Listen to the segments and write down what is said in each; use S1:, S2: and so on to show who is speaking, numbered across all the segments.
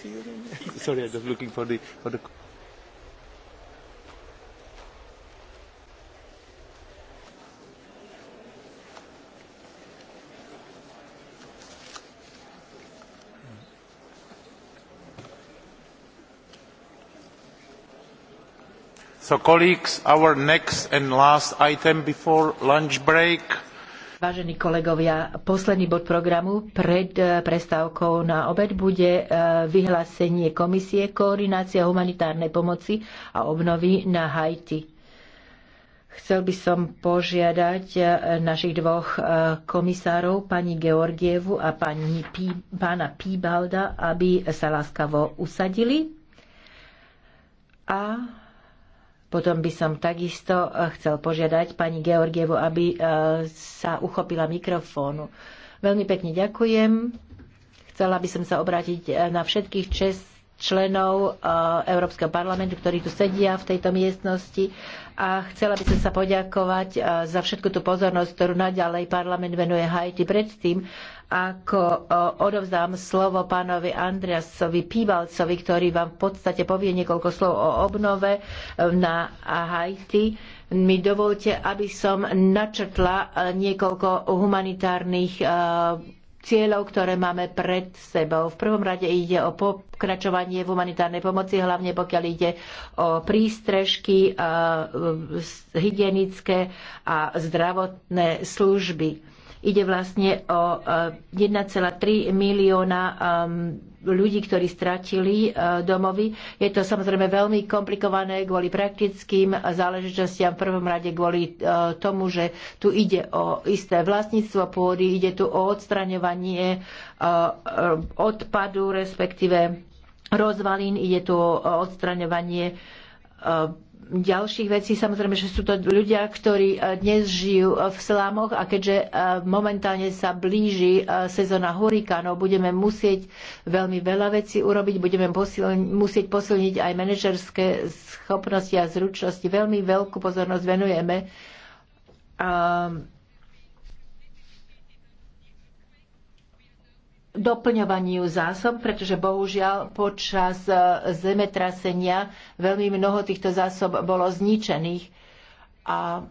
S1: Sorry, I was looking for the, for the so colleagues our next and last item before lunch break
S2: Vážení kolegovia, posledný bod programu pred eh, prestávkou na obed bude eh, vyhlásenie komisie koordinácia humanitárnej pomoci a obnovy na Haiti. Chcel by som požiadať eh, našich dvoch komisárov, pani Georgievu a pani Pí, pána Píbalda, aby sa láskavo usadili. A potom by som takisto eh, chcel požiadať pani Georgievu, aby eh, sa uchopila mikrofónu. Veľmi pekne ďakujem. Chcela by som sa obrátiť eh, na všetkých čest členov Európskeho parlamentu, ktorí tu sedia v tejto miestnosti. A chcela by som sa poďakovať za všetku tú pozornosť, ktorú naďalej parlament venuje Haiti predtým, ako odovzdám slovo pánovi Andreasovi pívalcovi, ktorý vám v podstate povie niekoľko slov o obnove e, na Haiti, mi dovolte, aby som načrtla e, niekoľko humanitárnych e, cieľov, ktoré máme pred sebou. V prvom rade ide o pokračovanie v humanitárnej pomoci, hlavne pokiaľ ide o prístrežky, hygienické a zdravotné služby Ide vlastne o 1,3 eh, milióna eh, ľudí, ktorí stratili eh, domovy. Je to samozrejme veľmi komplikované kvôli praktickým záležitostiam, v prvom rade kvôli tomu, že tu ide o isté vlastníctvo pôdy, ide tu o odstraňovanie odpadu, respektíve rozvalín, ide tu o odstraňovanie ďalších vecí. Samozrejme, že sú to ľudia, ktorí e, dnes žijú e, v slámoch a keďže e, momentálne sa blíži sezóna hurikánov, budeme musieť veľmi veľa vecí urobiť, budeme posilni- musieť posilniť aj manažerské schopnosti a zručnosti. Veľmi veľkú pozornosť venujeme doplňovaniu zásob, pretože bohužiaľ počas e, zemetrasenia veľmi mnoho týchto zásob bolo zničených. A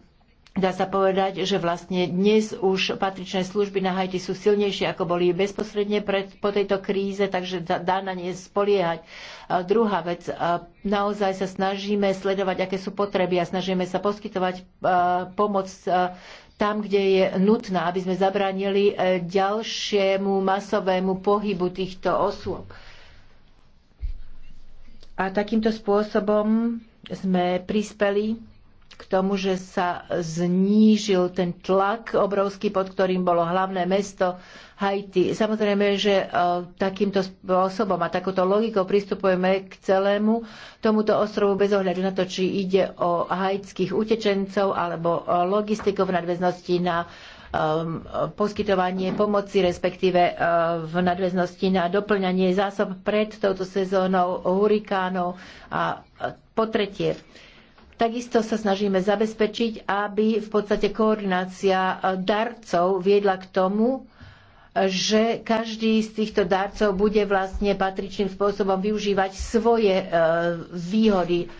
S2: dá sa povedať, že vlastne dnes už patričné služby na Haiti sú silnejšie, ako boli bezposredne pred, po tejto kríze, takže dá na ne spoliehať. A druhá vec, a naozaj sa snažíme sledovať, aké sú potreby a snažíme sa poskytovať e, pomoc e, tam, kde je nutná, aby sme zabránili e, ďalšiemu masovému pohybu týchto osôb. A takýmto spôsobom sme prispeli k tomu, že sa znížil ten tlak obrovský, pod ktorým bolo hlavné mesto Haiti. Samozrejme, že e, takýmto spôsobom a takouto logikou pristupujeme k celému tomuto ostrovu bez ohľadu na to, či ide o haitských utečencov alebo logistikov v nadväznosti na e, poskytovanie pomoci, respektíve e, v nadväznosti na doplňanie zásob pred touto sezónou hurikánov a po tretie Takisto sa snažíme zabezpečiť, aby v podstate koordinácia e, darcov viedla k tomu, že každý z týchto darcov bude vlastne patričným spôsobom využívať svoje e, výhody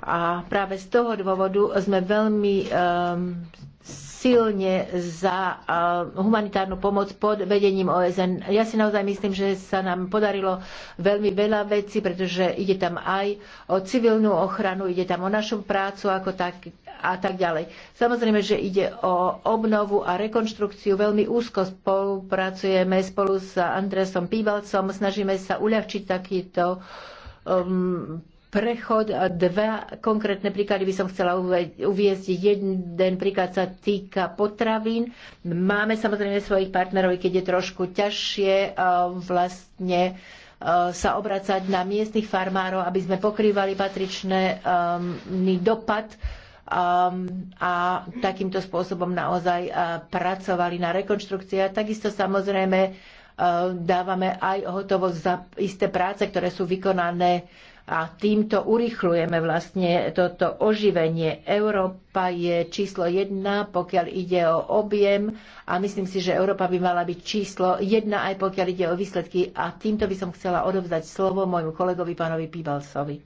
S2: a práve z toho dôvodu sme veľmi um, silne za ehm, humanitárnu pomoc pod vedením OSN. Ja si naozaj myslím, že sa nám podarilo veľmi veľa vecí, pretože ide tam aj o civilnú ochranu, ide tam o našu prácu ako tak, a tak ďalej. Samozrejme, že ide o obnovu a rekonštrukciu. Veľmi úzko spolupracujeme spolu s Andresom Pívalcom. Snažíme sa uľahčiť takýto um, prechod. Dva konkrétne príklady by som chcela uviezť. Jeden príklad sa týka potravín. Máme samozrejme svojich partnerov, keď je trošku ťažšie vlastne sa obracať na miestnych farmárov, aby sme pokrývali patričný um, dopad um, a takýmto spôsobom naozaj pracovali na rekonštrukcii. A takisto samozrejme dávame aj hotovosť za isté práce, ktoré sú vykonané a týmto urychlujeme vlastne toto oživenie. Európa je číslo jedna, pokiaľ ide o objem a myslím si, že Európa by mala byť číslo jedna, aj pokiaľ ide o výsledky. A týmto by som chcela odovzdať slovo môjmu kolegovi, pánovi Píbalsovi.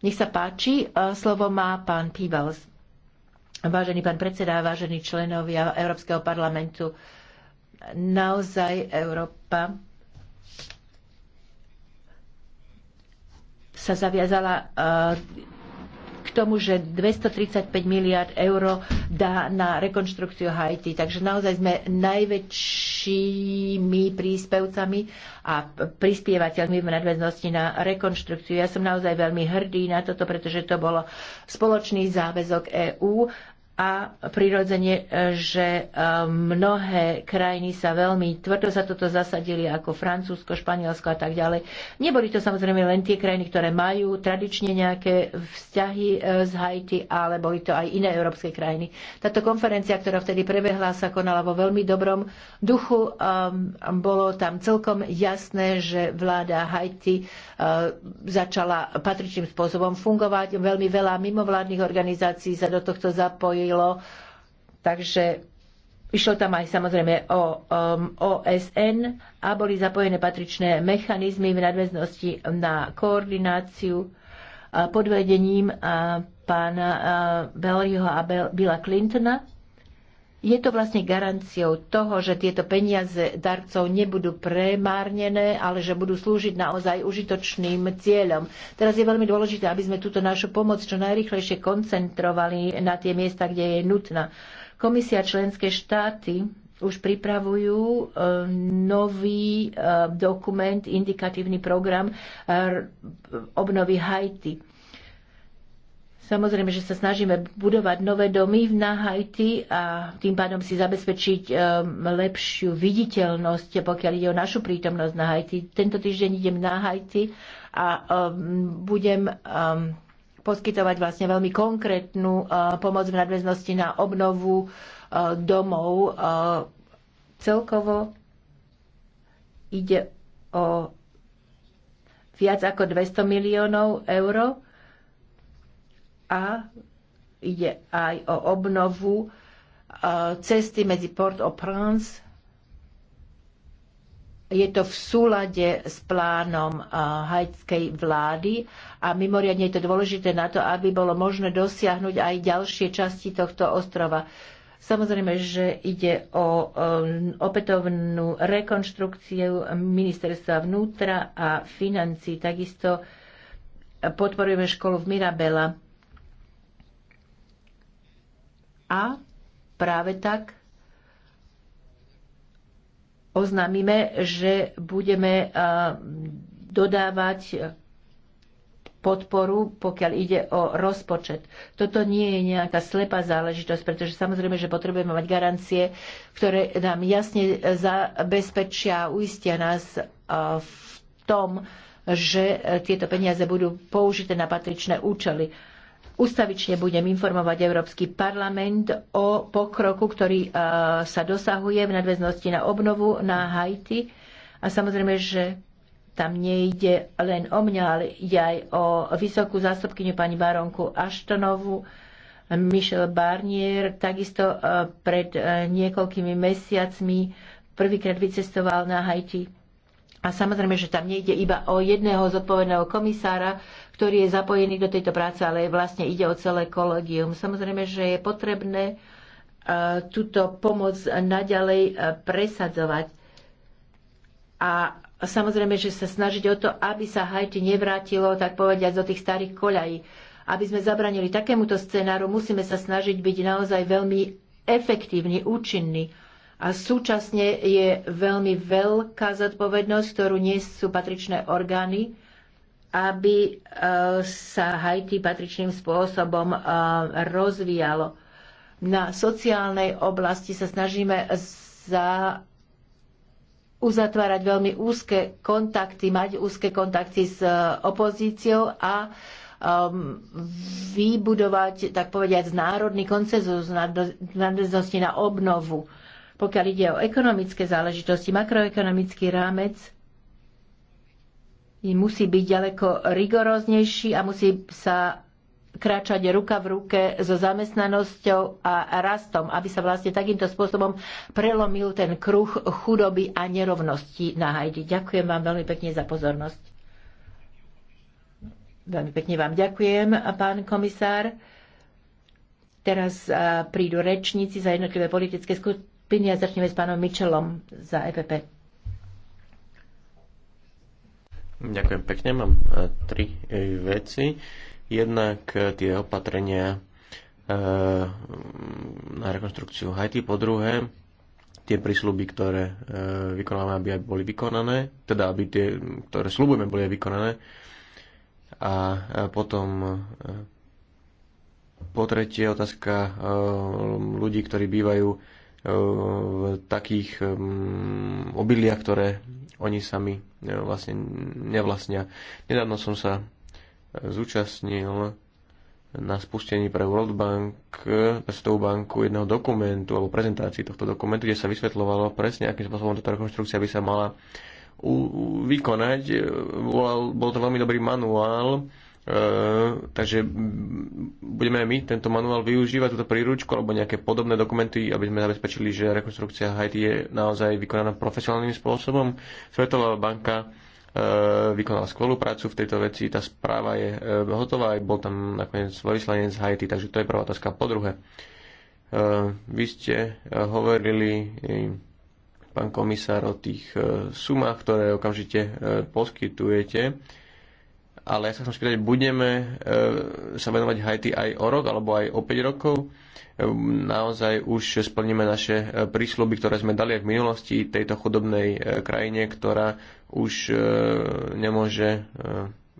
S2: Nech sa páči, e, slovo má pán Píbals. Vážený pán predseda, vážení členovia Európskeho parlamentu, naozaj Európa sa zaviazala eh, k tomu, že 235 miliard eur dá na rekonštrukciu Haiti. Takže naozaj sme najväčšími príspevcami a prispievateľmi v nadväznosti na rekonštrukciu. Ja som naozaj veľmi hrdý na toto, pretože to bolo spoločný záväzok EÚ a prirodzene, e, že e, mnohé krajiny sa veľmi tvrdo za toto zasadili, ako Francúzsko, Španielsko a tak ďalej. Neboli to samozrejme len tie krajiny, ktoré majú tradične nejaké vzťahy z e, Haiti, ale boli to aj iné európske krajiny. Táto konferencia, ktorá vtedy prebehla, sa konala vo veľmi dobrom duchu. Ehm, bolo tam celkom jasné, že vláda Haiti začala patričným spôsobom fungovať. Veľmi veľa mimovládnych organizácií sa do tohto zapojí podarilo. Takže Išlo tam aj samozrejme o um, OSN a boli zapojené patričné mechanizmy v nadväznosti na koordináciu uh, pod vedením uh, pána Bellyho uh, a Billa Clintona je to vlastne garanciou toho, že tieto peniaze darcov nebudú premárnené, ale že budú slúžiť naozaj užitočným cieľom. Teraz je veľmi dôležité, aby sme túto našu pomoc čo najrychlejšie koncentrovali na tie miesta, kde je nutná. Komisia členské štáty už pripravujú e, nový e, dokument, indikatívny program e, obnovy Haiti Samozrejme, že sa snažíme budovať nové domy v Haiti a tým pádom si zabezpečiť um, lepšiu viditeľnosť, pokiaľ ide o našu prítomnosť na Haiti. Tento týždeň idem na Haiti a um, budem um, poskytovať vlastne veľmi konkrétnu uh, pomoc v nadväznosti na obnovu uh, domov. Uh, celkovo ide o viac ako 200 miliónov eur a ide aj o obnovu e, cesty medzi Port-au-Prince. Je to v súlade s plánom e, haitskej vlády a mimoriadne je to dôležité na to, aby bolo možné dosiahnuť aj ďalšie časti tohto ostrova. Samozrejme, že ide o e, opätovnú rekonštrukciu ministerstva vnútra a financí. Takisto podporujeme školu v Mirabela a práve tak oznámime, že budeme eh, dodávať podporu, pokiaľ ide o rozpočet. Toto nie je nejaká slepá záležitosť, pretože samozrejme, že potrebujeme mať garancie, ktoré nám jasne zabezpečia a uistia nás eh, v tom, že tieto peniaze budú použité na patričné účely. Ustavične budem informovať Európsky parlament o pokroku, ktorý e, sa dosahuje v nadväznosti na obnovu na Haiti. A samozrejme, že tam nejde len o mňa, ale ide aj o vysokú zástupkyňu pani baronku Aštonovu, Michel Barnier, takisto e, pred e, niekoľkými mesiacmi prvýkrát vycestoval na Haiti a samozrejme, že tam nejde iba o jedného zodpovedného komisára, ktorý je zapojený do tejto práce, ale vlastne ide o celé kolegium. Samozrejme, že je potrebné e, túto pomoc naďalej e, presadzovať. A samozrejme, že sa snažiť o to, aby sa Haiti nevrátilo, tak povediať, do tých starých koľají. Aby sme zabranili takémuto scenáru, musíme sa snažiť byť naozaj veľmi efektívni, účinní a súčasne je veľmi veľká zodpovednosť, ktorú nie sú patričné orgány, aby sa Haiti patričným spôsobom rozvíjalo. Na sociálnej oblasti sa snažíme za uzatvárať veľmi úzke kontakty, mať úzke kontakty s opozíciou a um, vybudovať, tak povediať, národný koncezus nadväznosti na obnovu. Pokiaľ ide o ekonomické záležitosti, makroekonomický rámec musí byť ďaleko rigoróznejší a musí sa kráčať ruka v ruke so zamestnanosťou a rastom, aby sa vlastne takýmto spôsobom prelomil ten kruh chudoby a nerovnosti na Haiti. Ďakujem vám veľmi pekne za pozornosť. Veľmi pekne vám ďakujem, pán komisár. Teraz prídu rečníci za jednotlivé politické skutočnosti skupiny začneme s pánom Mičelom za EPP.
S1: Ďakujem pekne. Mám e, tri e, veci. Jednak e, tie opatrenia na rekonstrukciu Haiti. Po druhé, tie prísľuby, ktoré vykonávame, aby aj boli vykonané, teda aby tie, ktoré slúbujeme, boli aj vykonané. A potom po tretie otázka ľudí, ktorí bývajú E, v takých e, obiliach, ktoré oni sami e, vlastne nevlastnia. Nedávno som sa zúčastnil na spustení pre World Bank, pre Svetovú banku jedného dokumentu alebo prezentácii tohto dokumentu, kde sa vysvetľovalo presne, akým spôsobom táto rekonštrukcia by sa mala vykonať. Bol, bol to veľmi dobrý manuál, E, takže budeme my tento manuál využívať, túto príručku alebo nejaké podobné dokumenty, aby sme zabezpečili, že rekonstrukcia Haiti je naozaj vykonaná profesionálnym spôsobom. Svetová banka e, vykonala skvelú prácu v tejto veci, tá správa je e, hotová, aj bol tam nakoniec vyslanec z Haiti, takže to je prvá otázka. Po druhé, vy ste hovorili, pán komisár, o tých sumách, ktoré okamžite poskytujete ale ja sa chcem spýtať, budeme e, sa venovať Haiti aj o rok alebo aj o 5 rokov? E, naozaj už splníme naše e, prísľuby, ktoré sme dali aj v minulosti tejto chudobnej krajine, ktorá už nemôže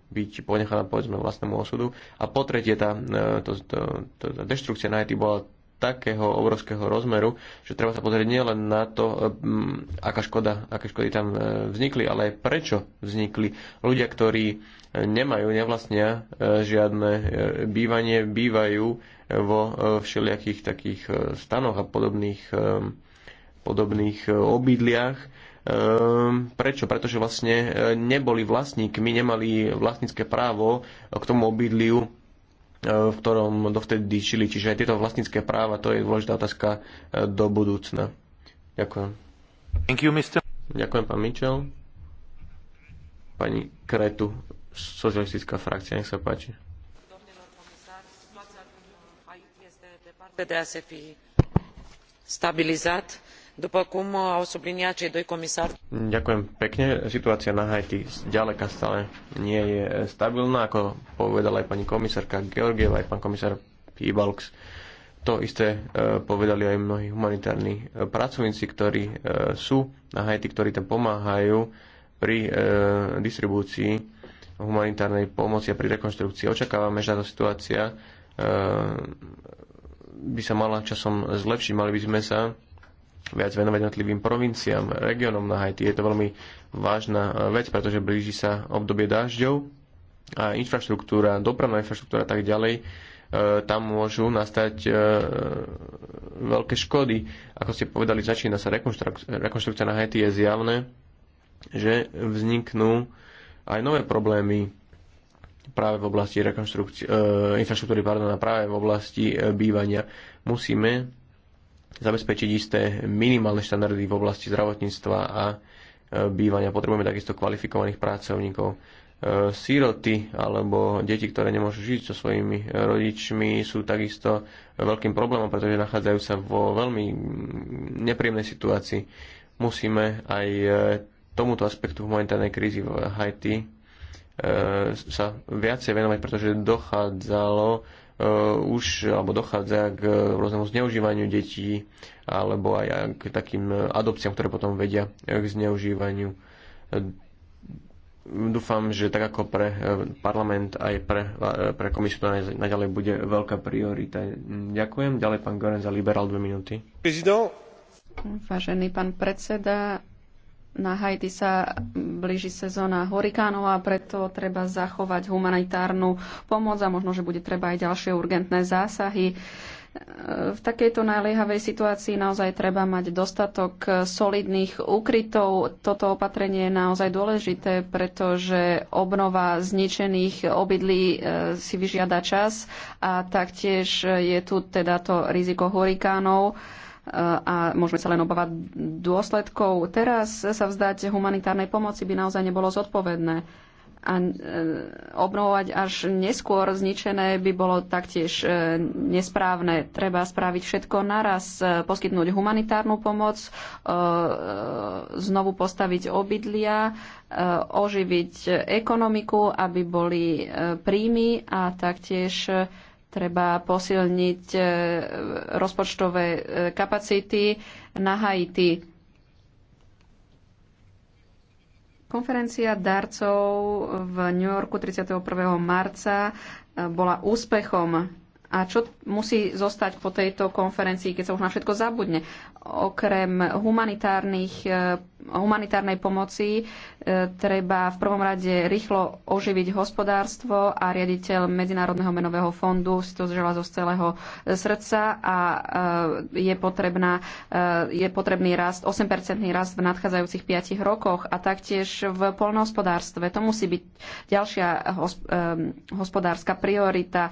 S1: byť ponechaná povedzme vlastnému osudu. A po tretie, tá, to, to, to, tá deštrukcia na Haiti bola takého obrovského rozmeru, že treba sa pozrieť nielen na to, aká škoda, aké škody tam vznikli, ale aj prečo vznikli. Ľudia, ktorí nemajú, nevlastnia e, žiadne e, bývanie, bývajú e, vo všelijakých takých stanoch a podobných, podobných obydliach. Prečo? Pretože vlastne neboli vlastníkmi, nemali vlastnícke právo k tomu obydliu, v ktorom dovtedy žili. Čiže aj tieto vlastnícke práva, to je dôležitá otázka do budúcna. Ďakujem. Thank you, Mr. Ďakujem, pán Mitchell. Pani Kretu socialistická frakcia, nech sa páči.
S3: de a se fi stabilizat după cum au subliniat cei doi comisari.
S1: Ďakujem pekne. Situácia na Haiti zďaleka stále nie je stabilná, ako povedala aj pani komisárka Georgieva, aj pán komisár Pibalks. To isté e, povedali aj mnohí humanitárni e, pracovníci, ktorí e, sú na Haiti, ktorí tam pomáhajú pri distribúcii humanitárnej pomoci a pri rekonštrukcii. Očakávame, že táto situácia e, by sa mala časom zlepšiť. Mali by sme sa viac venovať jednotlivým provinciám, regiónom na Haiti. Je to veľmi vážna e, vec, pretože blíži sa obdobie dažďov a infraštruktúra, dopravná infraštruktúra a tak ďalej, e, tam môžu nastať veľké škody. Ako ste povedali, začína sa rekonštrukcia na Haiti, je zjavné, že vzniknú aj nové problémy práve v oblasti rekonštrukcie, e, infraštruktúry pardon, a práve v oblasti e, bývania. Musíme zabezpečiť isté minimálne štandardy v oblasti zdravotníctva a e, bývania. Potrebujeme takisto kvalifikovaných pracovníkov. E, síroty alebo deti, ktoré nemôžu žiť so svojimi e, rodičmi, sú takisto veľkým problémom, pretože nachádzajú sa vo veľmi mm, nepríjemnej situácii. Musíme aj tomuto aspektu humanitárnej krízy v Haiti e, sa viacej venovať, pretože dochádzalo e, už, alebo dochádza k rôznemu zneužívaniu detí alebo aj k takým adopciám, ktoré potom vedia k zneužívaniu. E, dúfam, že tak ako pre parlament, aj pre, pre komisiu to naďalej bude veľká priorita. Ďakujem. Ďalej pán Goren za Liberál dve minúty. Prezident.
S3: Vážený pán predseda, na Haiti sa blíži sezóna hurikánov a preto treba zachovať humanitárnu pomoc a možno, že bude treba aj ďalšie urgentné zásahy. E, v takejto naliehavej situácii naozaj treba mať dostatok solidných úkrytov. Toto opatrenie je naozaj dôležité, pretože obnova zničených obydlí e, si vyžiada čas a taktiež je tu teda to riziko hurikánov a môžeme sa len obávať dôsledkov. Teraz sa vzdať humanitárnej pomoci by naozaj nebolo zodpovedné a e, obnovovať až neskôr zničené by bolo taktiež e, nesprávne. Treba spraviť všetko naraz, e, poskytnúť humanitárnu pomoc, znovu postaviť obydlia, oživiť ekonomiku, aby boli príjmy a taktiež Treba posilniť e, rozpočtové e, kapacity na Haiti. Konferencia darcov v New Yorku 31. marca e, bola úspechom. A čo musí zostať po tejto konferencii, keď sa už na všetko zabudne? okrem humanitárnych, e, humanitárnej pomoci e, treba v prvom rade rýchlo oživiť hospodárstvo a riaditeľ Medzinárodného menového fondu si to žela zo celého e, srdca a je, potrebná, je potrebný rast, 8-percentný rast v nadchádzajúcich 5 rokoch a taktiež v polnohospodárstve. To musí byť ďalšia hospodárska priorita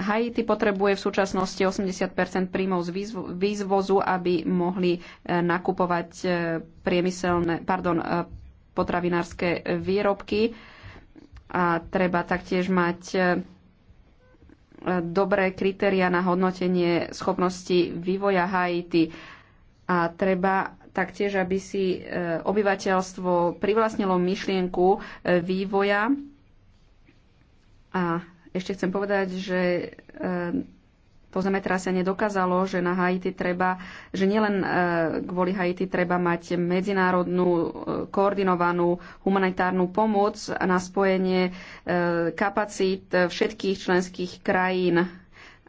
S3: Haiti potrebuje v súčasnosti 80 príjmov z výzvozu, aby mohli e, nakupovať e, priemyselné, pardon, e, potravinárske výrobky a treba taktiež mať dobré kritéria na hodnotenie schopnosti vývoja Haiti a treba taktiež, aby si obyvateľstvo privlastnilo myšlienku vývoja a ešte chcem povedať, že eh, to zemetrasenie dokázalo, že na Haiti treba, že nielen eh, kvôli Haiti treba mať medzinárodnú eh, koordinovanú humanitárnu pomoc na spojenie kapacít všetkých členských krajín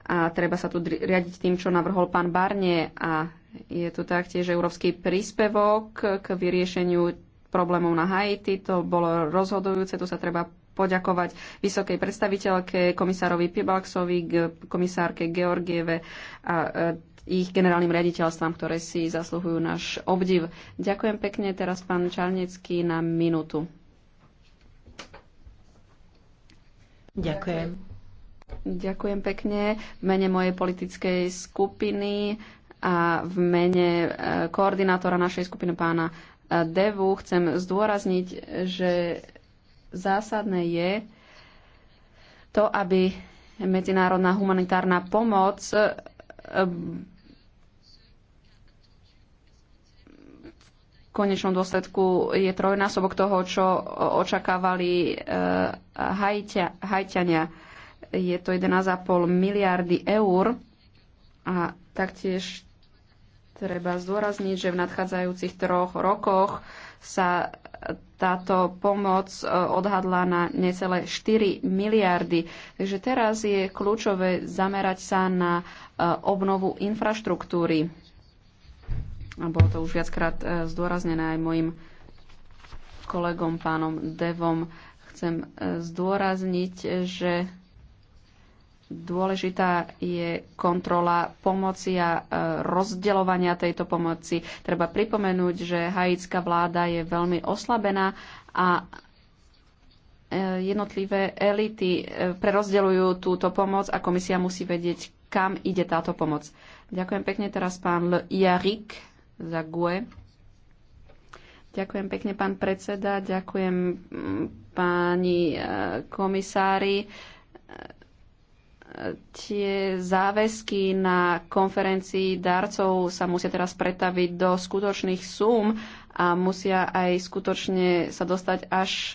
S3: a treba sa tu riadiť tým, čo navrhol pán Barne. a je tu taktiež európsky príspevok k vyriešeniu problémov na Haiti. To bolo rozhodujúce, tu sa treba poďakovať vysokej predstaviteľke, komisárovi Pibalksovi, komisárke Georgieve a e, ich generálnym riaditeľstvám, ktoré si zasluhujú náš obdiv. Ďakujem pekne teraz pán Čarnecký na minútu.
S2: Ďakujem.
S3: Ďakujem pekne. V mene mojej politickej skupiny a v mene e, koordinátora našej skupiny pána e, Devu chcem zdôrazniť, že Zásadné je to, aby medzinárodná humanitárna pomoc e, v konečnom dôsledku je trojnásobok toho, čo očakávali e, hajťania. Je to 11,5 miliardy eur a taktiež treba zdôrazniť, že v nadchádzajúcich troch rokoch sa táto pomoc e, odhadla na necelé 4 miliardy. Takže teraz je kľúčové zamerať sa na e, obnovu infraštruktúry. A bolo to už viackrát e, zdôraznené aj mojim kolegom, pánom Devom. Chcem zdôrazniť, že Dôležitá je kontrola pomoci a e, rozdeľovania tejto pomoci. Treba pripomenúť, že haitská vláda je veľmi oslabená a e, jednotlivé elity e, prerozdeľujú túto pomoc a komisia musí vedieť, kam ide táto pomoc. Ďakujem pekne teraz pán L. Jarik za GUE. Ďakujem pekne pán predseda, ďakujem páni komisári tie záväzky na konferencii darcov sa musia teraz pretaviť do skutočných súm a musia aj skutočne sa dostať až e,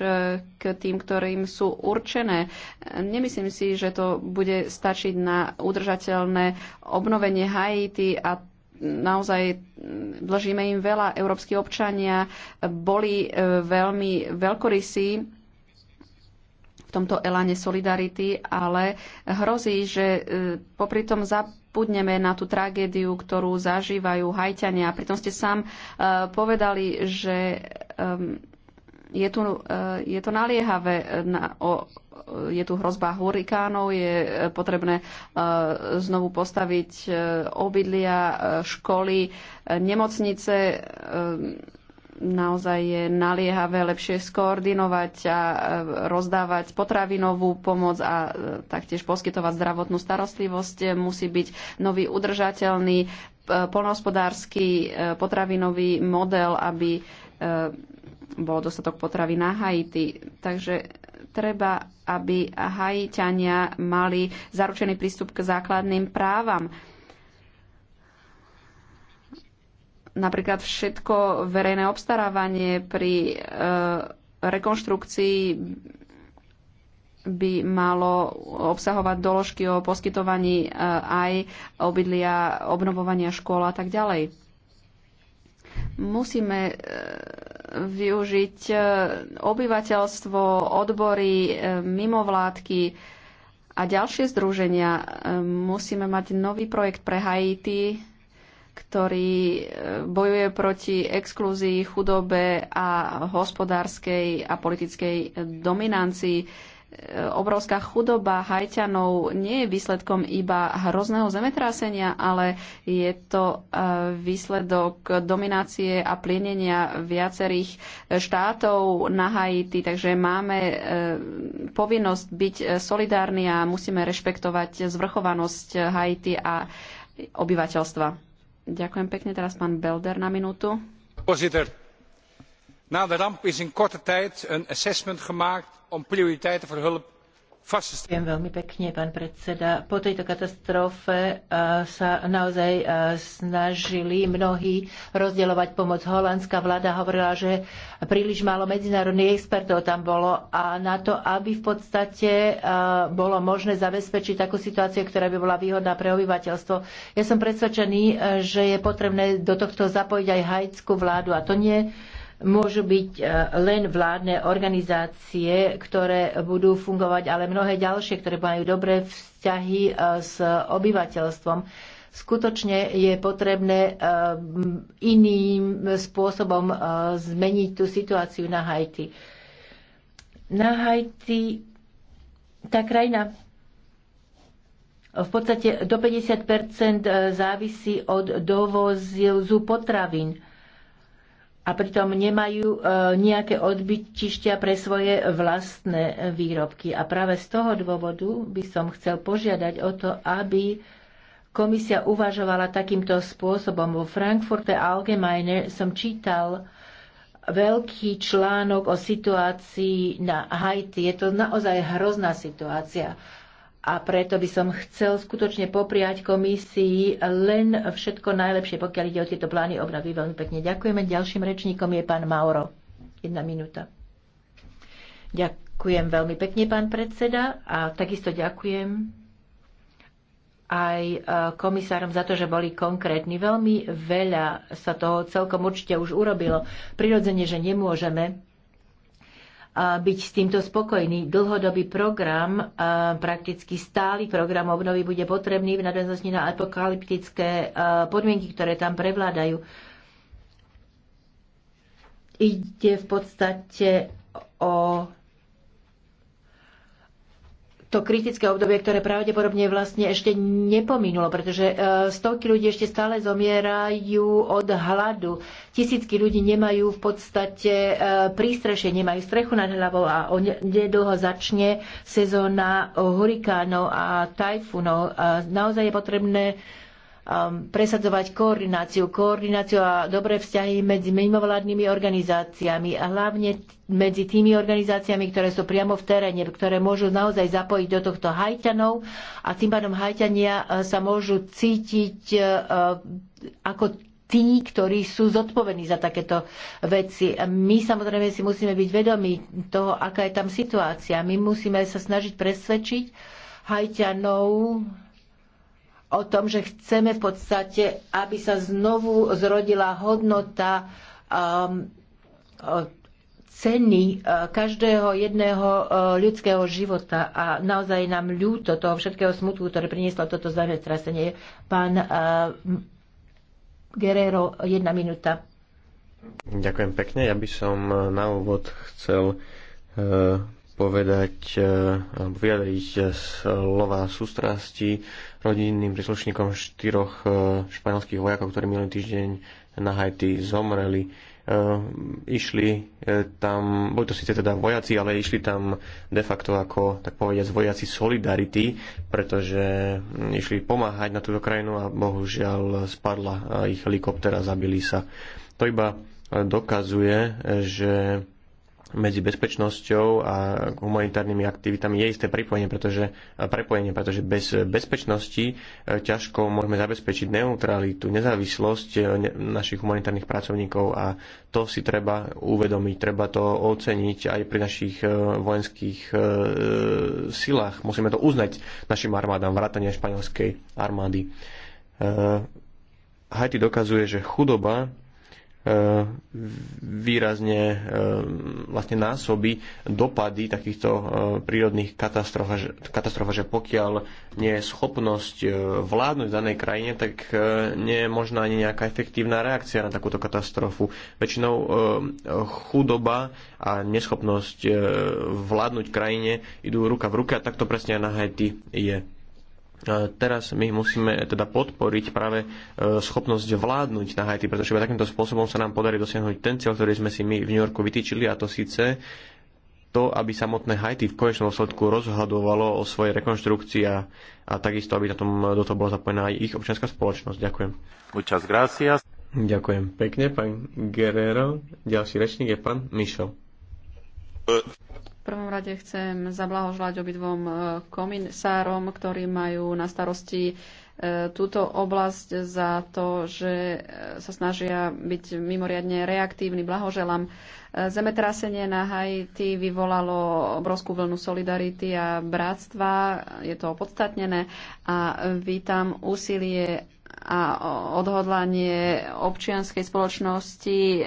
S3: k tým, ktorým sú určené. Nemyslím si, že to bude stačiť na udržateľné obnovenie Haiti a naozaj dlžíme im veľa. Európsky občania boli e, veľmi veľkorysí tomto elane solidarity, ale hrozí, že e, popri tom zabudneme na tú tragédiu, ktorú zažívajú hajťania. Pritom ste sám e, povedali, že e, je tu, je to naliehavé na, o, je tu hrozba hurikánov, je potrebné znovu postaviť obydlia, školy, nemocnice, naozaj je naliehavé lepšie skoordinovať a e, rozdávať potravinovú pomoc a e, taktiež poskytovať zdravotnú starostlivosť. E, musí byť nový udržateľný polnohospodársky potravinový model, aby bol dostatok potravy na Haiti. Takže treba, aby Haitiania mali zaručený prístup k základným právam napríklad všetko verejné obstarávanie pri e, rekonštrukcii by malo obsahovať doložky o poskytovaní eh, aj obydlia, obnovovania škôl a tak ďalej. Musíme eh, využiť obyvateľstvo, odbory, mimovládky a ďalšie združenia. Musíme mať nový projekt pre Haiti, ktorý e, bojuje proti exklúzii, chudobe a hospodárskej a politickej dominancii e, obrovská chudoba hajťanov nie je výsledkom iba hrozného zemetrasenia, ale je to e, výsledok dominácie a plienenia viacerých štátov na Haiti. Takže máme povinnosť byť solidárni a musíme rešpektovať zvrchovanosť Haiti a obyvateľstva. Ďakujem pekne. Teraz pán Belder na minútu.
S4: Voorzitter, na de ramp is in korte tijd een assessment gemaakt om prioriteiten voor hulp
S2: Ďakujem veľmi pekne, pán predseda. Po tejto katastrofe eh, sa naozaj eh, snažili mnohí rozdielovať pomoc. Holandská vláda hovorila, že príliš málo medzinárodných expertov tam bolo a na to, aby v podstate eh, bolo možné zabezpečiť takú situáciu, ktorá by bola výhodná pre obyvateľstvo. Ja som presvedčený, že je potrebné do tohto zapojiť aj haitskú vládu a to nie môžu byť e, len vládne organizácie, ktoré budú fungovať, ale mnohé ďalšie, ktoré majú dobré vzťahy e, s obyvateľstvom. Skutočne je potrebné e, iným spôsobom zmeniť tú situáciu na Haiti. Na Haiti tá krajina v podstate do 50 závisí od dovozu potravín a pritom nemajú e, nejaké odbytištia pre svoje vlastné výrobky. A práve z toho dôvodu by som chcel požiadať o to, aby komisia uvažovala takýmto spôsobom. Vo Frankfurte Allgemeine som čítal veľký článok o situácii na Haiti. Je to naozaj hrozná situácia a preto by som chcel skutočne popriať komisii len všetko najlepšie, pokiaľ ide o tieto plány obnovy. Veľmi pekne ďakujeme. Ďalším rečníkom je pán Mauro. Jedna minúta. Ďakujem veľmi pekne, pán predseda, a takisto ďakujem aj e, komisárom za to, že boli konkrétni. Veľmi veľa sa toho celkom určite už urobilo. Prirodzene, že nemôžeme byť s týmto spokojný. Dlhodobý program, prakticky stály program obnovy bude potrebný v nadväznosti na apokalyptické podmienky, ktoré tam prevládajú. Ide v podstate o to kritické obdobie, ktoré pravdepodobne vlastne ešte nepominulo, pretože e, stovky ľudí ešte stále zomierajú od hladu. Tisícky ľudí nemajú v podstate e, prístrešie, nemajú strechu nad hlavou a nedlho začne sezóna hurikánov a tajfunov. Naozaj je potrebné Um, presadzovať koordináciu, koordináciu a dobré vzťahy medzi mimovládnymi organizáciami a hlavne medzi tými organizáciami, ktoré sú priamo v teréne, ktoré môžu naozaj zapojiť do tohto hajťanov a tým pádom hajťania uh, sa môžu cítiť uh, uh, ako tí, ktorí sú zodpovední za takéto veci. My samozrejme si musíme byť vedomí toho, aká je tam situácia. My musíme sa snažiť presvedčiť hajťanov, o tom, že chceme v podstate, aby sa znovu zrodila hodnota um, ceny uh, každého jedného uh, ľudského života a naozaj nám ľúto toho všetkého smutku, ktoré prinieslo toto zemetrasenie. Pán uh, Guerrero, jedna minúta.
S1: Ďakujem pekne. Ja by som uh, na úvod chcel povedať eh, alebo vyjadriť eh, slova sústrasti rodinným príslušníkom štyroch eh, španielských vojakov, ktorí minulý týždeň na Haiti zomreli. Išli tam, boli to síce teda vojaci, ale išli tam de facto ako, tak povediať, vojaci Solidarity, pretože hm, išli pomáhať na túto krajinu a bohužiaľ spadla ich helikoptera, zabili sa. To iba dokazuje, že medzi bezpečnosťou a humanitárnymi aktivitami je isté prepojenie, pretože, eh, prepojenie, pretože bez bezpečnosti eh, ťažko môžeme zabezpečiť neutralitu, nezávislosť eh, našich humanitárnych pracovníkov a to si treba uvedomiť, treba to oceniť aj pri našich vojenských silách. Musíme to uznať našim armádám, vrátania španielskej armády. Haiti dokazuje, že chudoba E, výrazne e, vlastne násoby dopady takýchto e, prírodných katastrof, katastrof že pokiaľ nie je schopnosť vládnuť v danej krajine, tak nie je možná ani nejaká efektívna reakcia na takúto katastrofu. Väčšinou chudoba a neschopnosť vládnuť krajine idú ruka v ruke a takto presne aj na Haiti je teraz my musíme teda podporiť práve e, schopnosť vládnuť na Haiti, pretože takýmto spôsobom sa nám podarí dosiahnuť ten cieľ, ktorý sme si my v New Yorku vytýčili, a to síce to, aby samotné Haiti v konečnom dôsledku rozhodovalo o svojej rekonštrukcii a, a takisto, aby na tom, do toho bola zapojená aj ich občianská spoločnosť. Ďakujem. Muchas gracias. Ďakujem pekne, pán Guerrero. Ďalší rečník je pán Mišo. E,
S3: prvom rade chcem zablahožľať obidvom e, komisárom, ktorí majú na starosti e, túto oblasť za to, že e, sa snažia byť mimoriadne reaktívni. Blahoželám. Zemetrasenie na Haiti vyvolalo obrovskú vlnu solidarity a bratstva. Je to opodstatnené a vítam úsilie a odhodlanie občianskej spoločnosti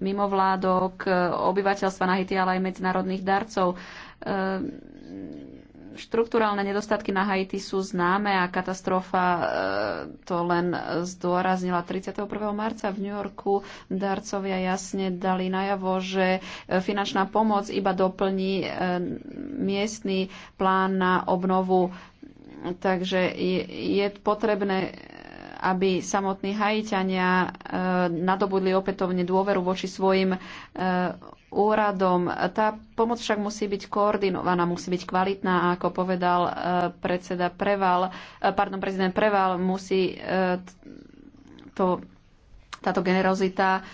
S3: mimovládok, e, obyvateľstva na Haiti, ale aj medzinárodných darcov. E, štruktúralne nedostatky na Haiti sú známe a katastrofa e, to len zdôraznila 31. marca v New Yorku. Darcovia jasne dali najavo, že finančná pomoc iba doplní miestny plán na obnovu. Takže je potrebné aby samotní Hajiťania e, nadobudli opätovne dôveru voči svojim e, úradom. Tá pomoc však musí byť koordinovaná, musí byť kvalitná a ako povedal e, predseda Preval, pardon, prezident Preval, musí to, táto generozita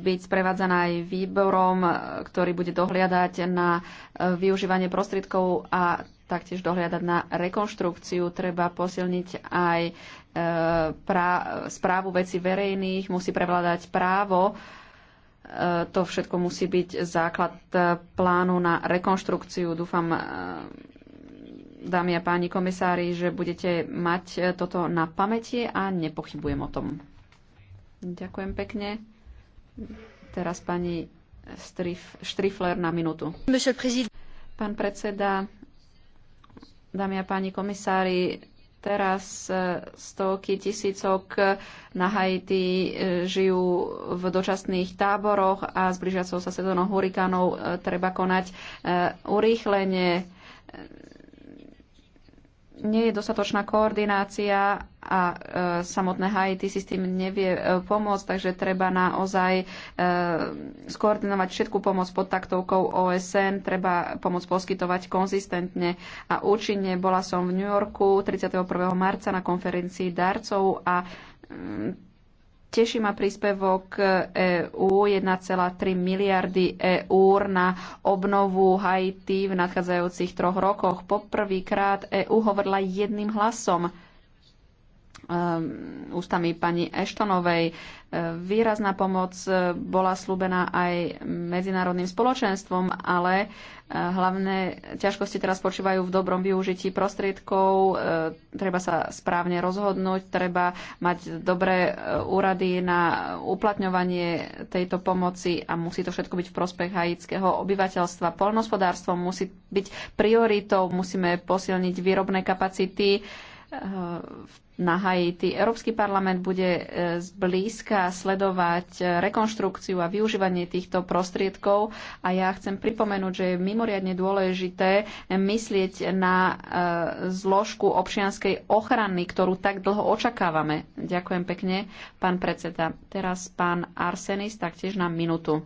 S3: byť sprevádzaná aj výborom, ktorý bude dohliadať na využívanie prostriedkov a taktiež dohliadať na rekonštrukciu, treba posilniť aj e, pra, správu veci verejných, musí prevládať právo. E, to všetko musí byť základ e, plánu na rekonštrukciu. Dúfam, dámy a páni komisári, že budete mať toto na pamäti a nepochybujem o tom. Ďakujem pekne. Teraz pani Strif, Štrifler na minútu. Pán predseda, Dámy a páni komisári, teraz e, stovky tisícok na Haiti e, žijú v dočasných táboroch a s blížiacou sa sezónou hurikánov e, treba konať urýchlenie nie je dostatočná koordinácia a e, samotné Haiti si s tým nevie e, pomôcť, takže treba naozaj e, skoordinovať všetku pomoc pod taktovkou OSN, treba pomoc poskytovať konzistentne a účinne. Bola som v New Yorku 31. marca na konferencii darcov a e, Teší ma príspevok EÚ 1,3 miliardy eur na obnovu Haiti v nadchádzajúcich troch rokoch. Poprvýkrát EÚ hovorila jedným hlasom Ehm, ústami pani Eštonovej. Ehm, výrazná pomoc e, bola slúbená aj medzinárodným spoločenstvom, ale e, hlavné ťažkosti teraz počívajú v dobrom využití prostriedkov. E, treba sa správne rozhodnúť, treba mať dobré úrady na uplatňovanie tejto pomoci a musí to všetko byť v prospech haitského obyvateľstva. Polnospodárstvo musí byť prioritou, musíme posilniť výrobné kapacity Eh, na Haiti. Európsky parlament bude eh, zblízka sledovať eh, rekonštrukciu a využívanie týchto prostriedkov a ja chcem pripomenúť, že je mimoriadne dôležité myslieť na zložku občianskej ochrany, ktorú tak dlho očakávame. Ďakujem pekne, pán predseda. Teraz pán Arsenis, taktiež na minútu.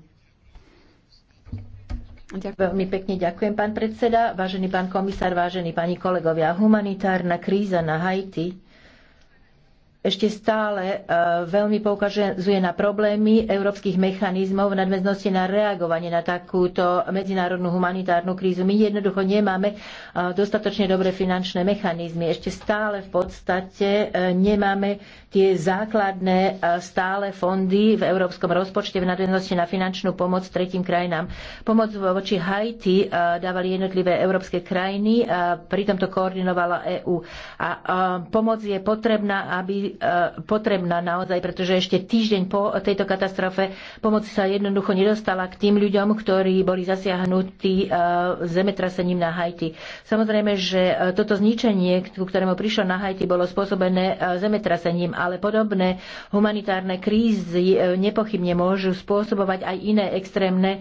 S2: Ďakujem. Veľmi pekne ďakujem, pán predseda. Vážený pán komisár, vážení pani kolegovia, humanitárna kríza na Haiti ešte stále e, veľmi poukazuje na problémy európskych mechanizmov v nadväznosti na reagovanie na takúto medzinárodnú humanitárnu krízu. My jednoducho nemáme e, dostatočne dobré finančné mechanizmy. Ešte stále v podstate e, nemáme tie základné stále fondy v európskom rozpočte v nadväznosti na finančnú pomoc tretím krajinám. Pomoc voči Haiti dávali jednotlivé európske krajiny, pritom to koordinovala EÚ. A pomoc je potrebná, aby Eh, potrebná naozaj, pretože ešte týždeň po tejto katastrofe pomoc sa jednoducho nedostala k tým ľuďom, ktorí boli zasiahnutí eh, zemetrasením na Haiti. Samozrejme, že eh, toto zničenie, ku ktorému prišlo na Haiti, bolo spôsobené zemetrasením, ale podobné humanitárne krízy nepochybne môžu spôsobovať aj iné extrémne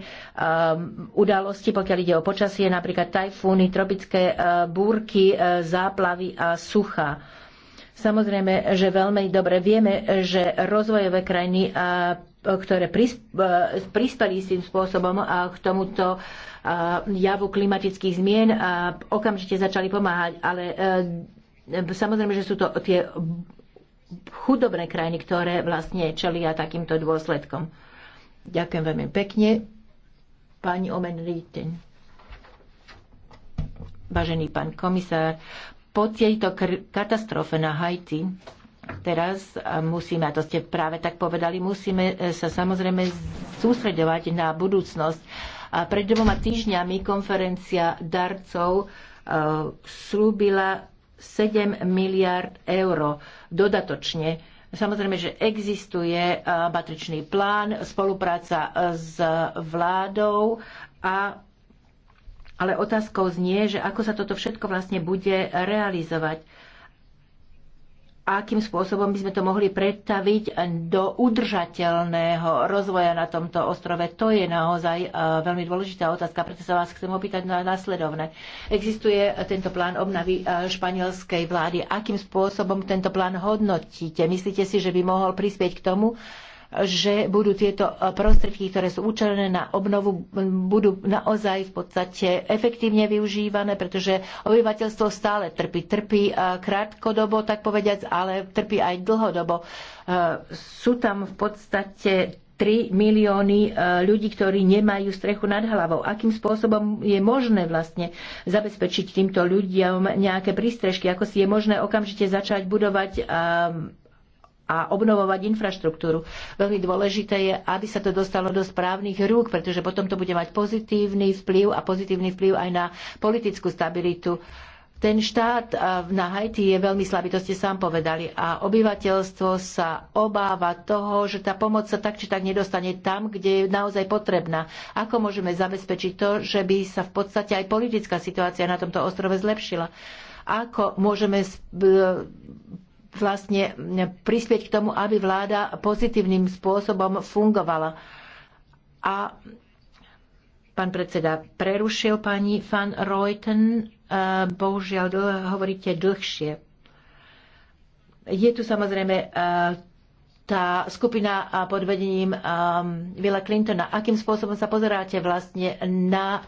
S2: udalosti, pokiaľ ide o počasie, napríklad tajfúny, tropické búrky, záplavy a sucha. Samozrejme, že veľmi dobre vieme, že rozvojové krajiny, ktoré prispeli s tým spôsobom k tomuto javu klimatických zmien, okamžite začali pomáhať. Ale e, samozrejme, že sú to tie chudobné krajiny, ktoré vlastne čelia takýmto dôsledkom. Ďakujem veľmi pekne. Pani Omen Ríten. Vážený pán komisár, po tejto katastrofe na Haiti teraz musíme, a to ste práve tak povedali, musíme e, sa samozrejme sústredovať na budúcnosť. A pred dvoma týždňami konferencia darcov e, slúbila 7 miliard eur dodatočne. Samozrejme, že existuje patričný e, plán, spolupráca s vládou a ale otázkou znie, že ako sa toto všetko vlastne bude realizovať. Akým spôsobom by sme to mohli predstaviť do udržateľného rozvoja na tomto ostrove? To je naozaj e, veľmi dôležitá otázka, preto sa vás chcem opýtať na následovné. Existuje tento plán obnavy e, španielskej vlády. Akým spôsobom tento plán hodnotíte? Myslíte si, že by mohol prispieť k tomu, že budú tieto e, prostriedky, ktoré sú účelené na obnovu, budú naozaj v podstate efektívne využívané, pretože obyvateľstvo stále trpí. Trpí e, krátkodobo, tak povediac, ale trpí aj dlhodobo. E, sú tam v podstate 3 milióny ľudí, ktorí nemajú strechu nad hlavou. Akým spôsobom je možné vlastne zabezpečiť týmto ľuďom nejaké prístrežky? Ako si je možné okamžite začať budovať a obnovovať infraštruktúru. Veľmi dôležité je, aby sa to dostalo do správnych rúk, pretože potom to bude mať pozitívny vplyv a pozitívny vplyv aj na politickú stabilitu. Ten štát na Haiti je veľmi slabý, to ste sám povedali, a obyvateľstvo sa obáva toho, že tá pomoc sa tak či tak nedostane tam, kde je naozaj potrebná. Ako môžeme zabezpečiť to, že by sa v podstate aj politická situácia na tomto ostrove zlepšila? Ako môžeme vlastne prispieť k tomu, aby vláda pozitívnym spôsobom fungovala. A pán predseda prerušil pani van Reuten. E, bohužiaľ, hovoríte dlhšie. Je tu samozrejme e, tá skupina pod vedením Vila e, Clintona. Akým spôsobom sa pozeráte vlastne na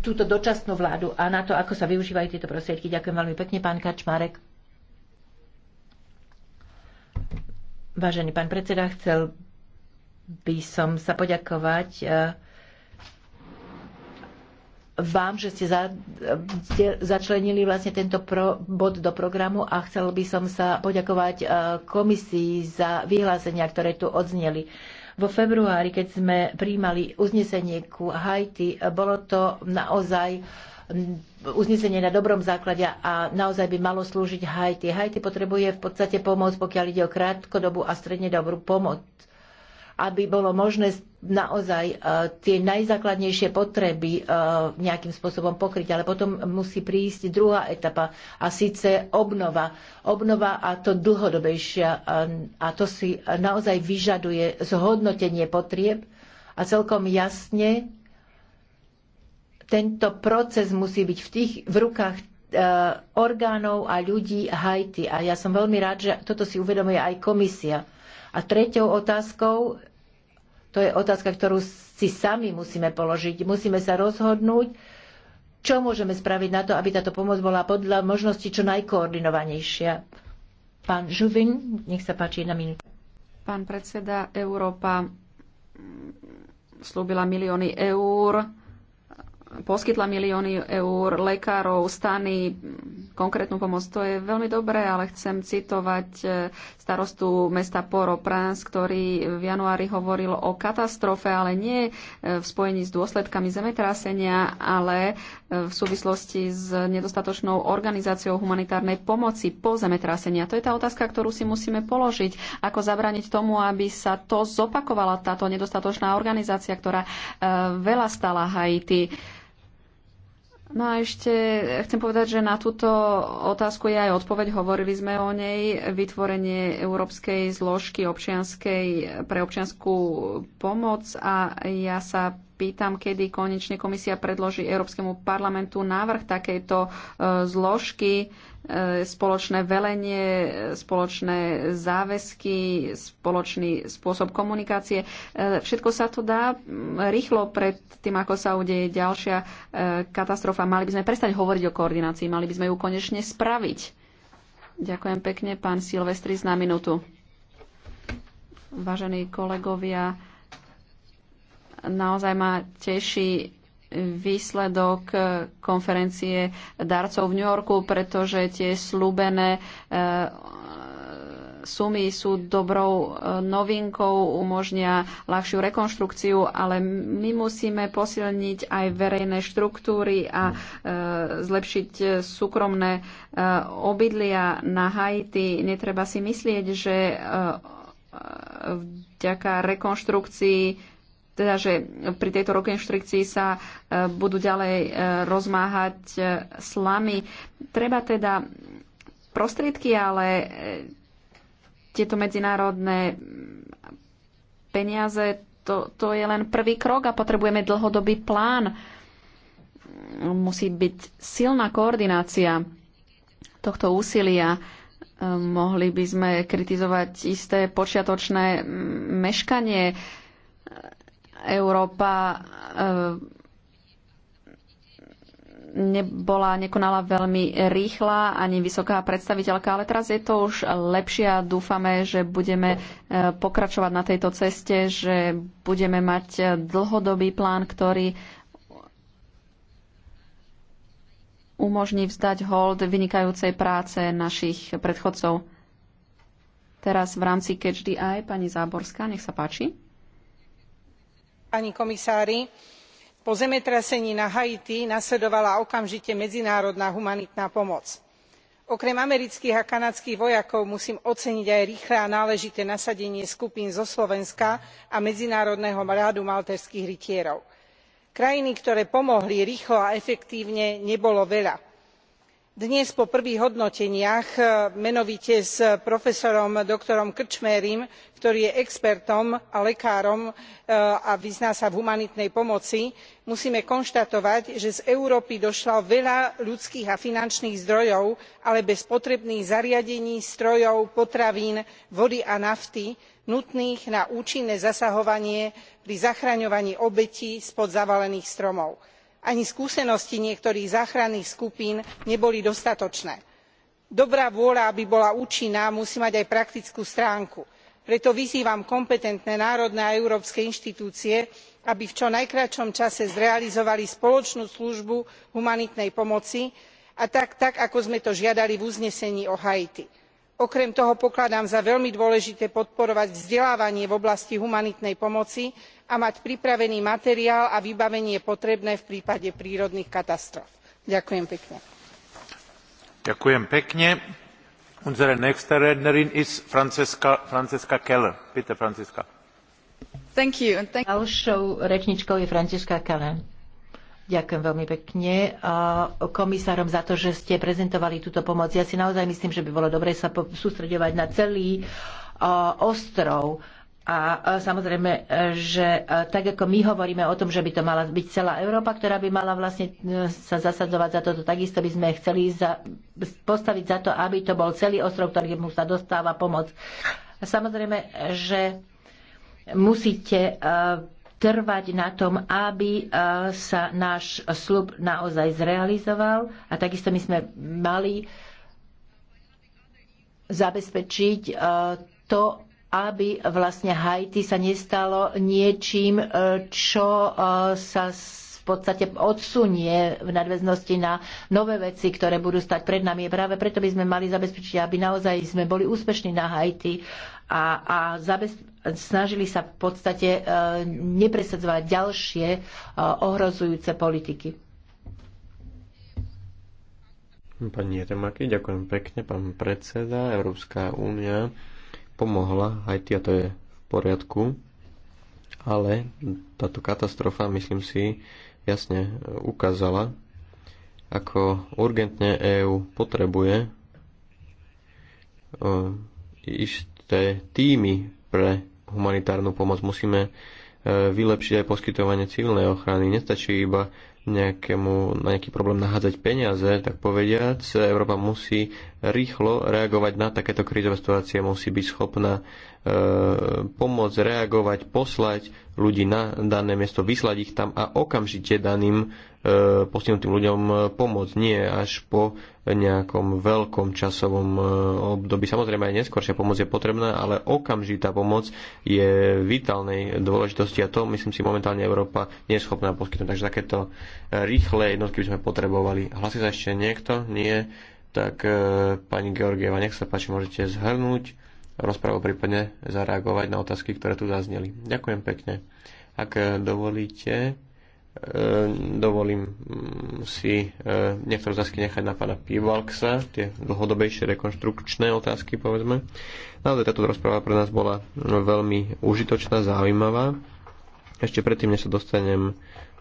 S2: túto dočasnú vládu a na to, ako sa využívajú tieto prostriedky? Ďakujem veľmi pekne, pán Kačmarek. Vážený pán predseda, chcel by som sa poďakovať e, vám, že ste, za, ste začlenili vlastne tento pro, bod do programu a chcel by som sa poďakovať e, komisii za vyhlásenia, ktoré tu odzneli. Vo februári, keď sme príjmali uznesenie ku Haiti, e, bolo to naozaj uznesenie na dobrom základe a naozaj by malo slúžiť Haiti. Haiti potrebuje v podstate pomoc, pokiaľ ide o krátkodobú a stredne dobrú pomoc aby bolo možné naozaj e, tie najzákladnejšie potreby e, nejakým spôsobom pokryť. Ale potom musí prísť druhá etapa a síce obnova. Obnova a to dlhodobejšia e, a to si naozaj vyžaduje zhodnotenie potrieb a celkom jasne tento proces musí byť v, tých, v rukách e, orgánov a ľudí Haiti. A ja som veľmi rád, že toto si uvedomuje aj komisia. A treťou otázkou, to je otázka, ktorú si sami musíme položiť. Musíme sa rozhodnúť, čo môžeme spraviť na to, aby táto pomoc bola podľa možnosti čo
S3: najkoordinovanejšia. Pán Žuvin, nech sa páči jedna minúta. Pán predseda, Európa slúbila milióny eur poskytla milióny eur lekárov, stany, konkrétnu pomoc. To je veľmi dobré, ale chcem citovať e, starostu mesta Poro-Prans, ktorý v januári hovoril o katastrofe, ale nie e, v spojení s dôsledkami zemetrasenia, ale e, v súvislosti s nedostatočnou organizáciou humanitárnej pomoci po zemetrasenia. To je tá otázka, ktorú si musíme položiť. Ako zabraniť tomu, aby sa to zopakovala táto nedostatočná organizácia, ktorá veľa stala Haiti. No a ešte chcem povedať, že na túto otázku je aj odpoveď. Hovorili sme o nej. Vytvorenie európskej zložky občianskej, pre občianskú pomoc a ja sa pýtam, kedy konečne komisia predloží Európskemu parlamentu návrh takejto e, zložky E, spoločné velenie, spoločné záväzky, spoločný spôsob komunikácie. E, všetko sa to dá rýchlo pred tým, ako sa udeje ďalšia e, katastrofa. Mali by sme prestať hovoriť o koordinácii, mali by sme ju konečne spraviť. Ďakujem pekne, pán Silvestris, na minútu. Vážení kolegovia, naozaj ma teší výsledok eh, konferencie darcov v New Yorku, pretože tie slúbené eh, sumy sú dobrou eh, novinkou, umožnia ľahšiu rekonštrukciu, ale my musíme posilniť aj verejné štruktúry a zlepšiť súkromné obydlia na Haiti. Netreba si myslieť, že vďaka rekonštrukcii teda, že pri tejto rekonštrikcii sa e, budú ďalej e, rozmáhať e, slamy. Treba teda prostriedky, ale tieto medzinárodné peniaze, to, to je len prvý krok a potrebujeme dlhodobý plán. Musí byť silná koordinácia tohto úsilia mohli by sme kritizovať isté počiatočné meškanie. Európa eh, nebola, nekonala veľmi rýchla ani vysoká predstaviteľka, ale teraz je to už lepšie a dúfame, že budeme eh, pokračovať na tejto ceste, že budeme mať eh, dlhodobý plán, ktorý umožní vzdať hold vynikajúcej práce našich predchodcov. Teraz v rámci Catch the Eye, pani Záborská, nech sa páči.
S4: Pani komisári po zemetrasení na haiti nasledovala okamžite medzinárodná humanitná pomoc. okrem amerických a kanadských vojakov musím oceniť aj rýchle a náležité nasadenie skupín zo slovenska a medzinárodného rádu maltézskych rytierov. krajín ktoré pomohli rýchlo a efektívne nebolo veľa dnes po prvých hodnoteniach e, menovite s profesorom doktorom krčmérim ktorý je expertom a lekárom e, a vyzná sa v humanitnej pomoci musíme konštatovať že z európy došlo veľa ľudských a finančných zdrojov ale bez potrebných zariadení strojov potravín vody a nafty nutných na účinné zasahovanie pri zachraňovaní obetí spod zavalených stromov ani skúsenosti niektorých záchranných skupín neboli dostatočné. dobrá vôľa aby bola účinná musí mať aj praktickú stránku preto vyzývam kompetentné národné a európske inštitúcie aby v čo najkratšom čase zrealizovali spoločnú službu humanitnej pomoci a tak tak ako sme to žiadali v uznesení o haiti. okrem toho pokladám za veľmi dôležité podporovať vzdelávanie v oblasti humanitnej pomoci a mať pripravený materiál a vybavenie potrebné v prípade prírodných katastrof. ďakujem pekne.
S1: Ďakujem
S2: ďalšou rečníčkou je francesca keller. Ďakujem veľmi pekne komisárom za to, že ste prezentovali túto pomoc. Ja si naozaj myslím, že by bolo dobre sa sústreďovať na celý ostrov a e, samozrejme, e, že e, tak ako my hovoríme o tom, že by to mala byť celá Európa, ktorá by mala vlastne sa zasadzovať za toto, takisto by sme chceli za, postaviť za to, aby to bol celý ostrov, ktorý mu sa dostáva pomoc. A samozrejme, že musíte trvať na tom, aby sa náš slub naozaj zrealizoval a takisto my sme mali zabezpečiť to, aby vlastne Haiti sa nestalo niečím, e, čo e, sa v podstate odsunie v nadväznosti na nové veci, ktoré budú stať pred nami. Práve preto by sme mali zabezpečiť, aby naozaj sme boli úspešní na Haiti a, a zabez, snažili sa v podstate e, nepresadzovať ďalšie ohrozujúce politiky.
S1: Pani Remaky, ďakujem pekne, pán predseda. Európska únia pomohla Haiti a to je v poriadku, ale táto katastrofa, myslím si, jasne e, ukázala, ako urgentne EÚ potrebuje e, isté týmy pre humanitárnu pomoc. Musíme e, vylepšiť aj poskytovanie civilnej ochrany. Nestačí iba nejakému, na nejaký problém nahádzať peniaze, tak povediac. Európa musí rýchlo reagovať na takéto krízové situácie, musí byť schopná e, pomôcť, reagovať, poslať ľudí na dané miesto, vyslať ich tam a okamžite daným e, postihnutým ľuďom e, pomôcť, nie až po nejakom veľkom časovom e, období. Samozrejme aj neskôršia pomoc je potrebná, ale okamžitá pomoc je vitálnej dôležitosti a to myslím si momentálne Európa nie je schopná poskytnúť. Takže takéto rýchle jednotky by sme potrebovali. Hlasí sa ešte niekto? Nie tak e, pani Georgieva, nech sa páči, môžete zhrnúť rozprávu, prípadne zareagovať na otázky, ktoré tu zazneli. Ďakujem pekne. Ak e, dovolíte, e, dovolím mm, si niektoré otázky nechať na pána Pivalksa, tie dlhodobejšie rekonštrukčné otázky, povedzme. Naozaj táto rozpráva pre nás bola veľmi užitočná, zaujímavá. Ešte predtým, než sa dostanem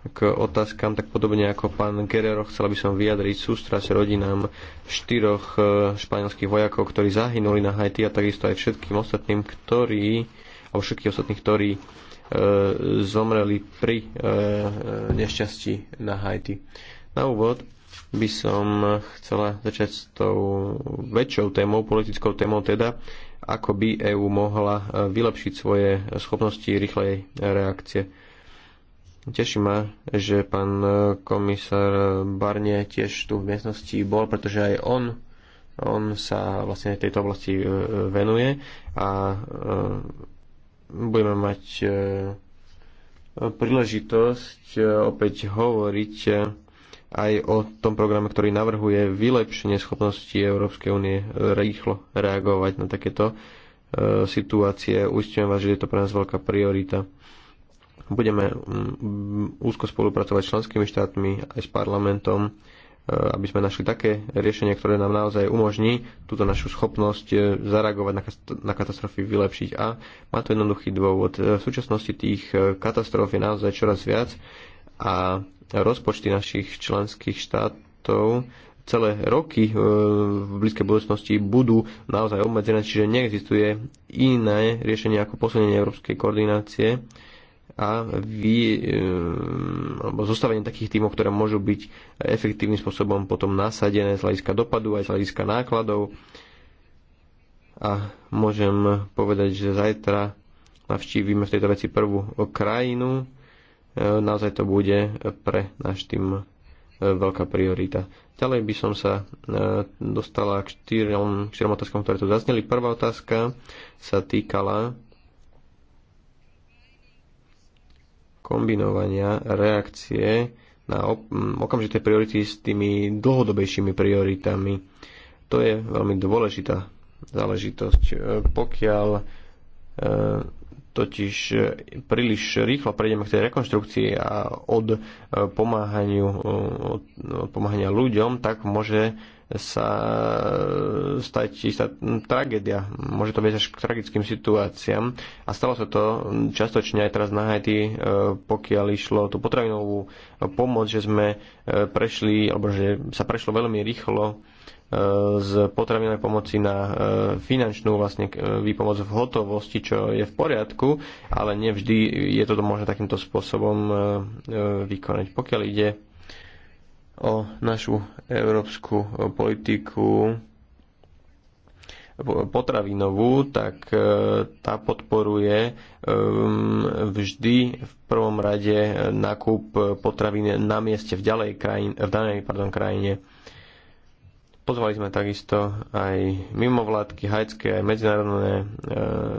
S1: k otázkam, tak podobne ako pán Guerrero, chcela by som vyjadriť sústrasť rodinám štyroch e, španielských vojakov, ktorí zahynuli na Haiti a takisto aj všetkým ostatným, ktorí, a všetkých ostatných, ktorí e, zomreli pri e, e, nešťastí na Haiti. Na úvod by som chcela začať s tou väčšou témou, politickou témou teda, ako by EU mohla e, vylepšiť svoje schopnosti rýchlej reakcie Teší ma, že pán komisár Barne tiež tu v miestnosti bol, pretože aj on, on sa vlastne tejto oblasti e, venuje a e, budeme mať e, príležitosť opäť hovoriť aj o tom programe, ktorý navrhuje vylepšenie schopnosti Európskej únie rýchlo reagovať na takéto situácie. Uistím vás, že je to pre nás veľká priorita Budeme mm, úzko spolupracovať s členskými štátmi aj s parlamentom, e, aby sme našli také riešenie, ktoré nám naozaj umožní túto našu schopnosť e, zareagovať na katastrofy, vylepšiť. A má to jednoduchý dôvod. E, v súčasnosti tých katastrof je naozaj čoraz viac a rozpočty našich členských štátov celé roky v blízkej budúcnosti budú naozaj obmedzené, čiže neexistuje iné riešenie ako posunenie európskej koordinácie a vy, ehm, alebo zostavenie takých tímov, ktoré môžu byť efektívnym spôsobom potom nasadené z hľadiska dopadu aj z hľadiska nákladov. A môžem povedať, že zajtra navštívime v tejto veci prvú krajinu. E, naozaj to bude pre náš tým e, veľká priorita. Ďalej by som sa e, dostala k štyrom, otázkom, ktoré tu zazneli. Prvá otázka sa týkala kombinovania reakcie na okamžité priority s tými dlhodobejšími prioritami. To je veľmi dôležitá záležitosť. E, pokiaľ e, totiž e, príliš rýchlo prejdeme k tej rekonštrukcii a od pomáhaniu, od pomáhania ľuďom, tak môže sa e, stať istá tragédia. Môže to viesť až k tragickým situáciám. A stalo sa to častočne aj teraz na Haiti, e, pokiaľ išlo tú potravinovú e, pomoc, že sme prešli, alebo že sa prešlo veľmi rýchlo z potravinovej pomoci na finančnú vlastne výpomoc v hotovosti, čo je v poriadku, ale nevždy je toto možné takýmto spôsobom vykonať. Pokiaľ ide o našu európsku e, politiku potravinovú, tak e, tá podporuje e, vždy v prvom rade nakup potravín na mieste v, ďalej krajine, v danej pardon, krajine. Pozvali sme takisto aj mimovládky hajcké, aj medzinárodné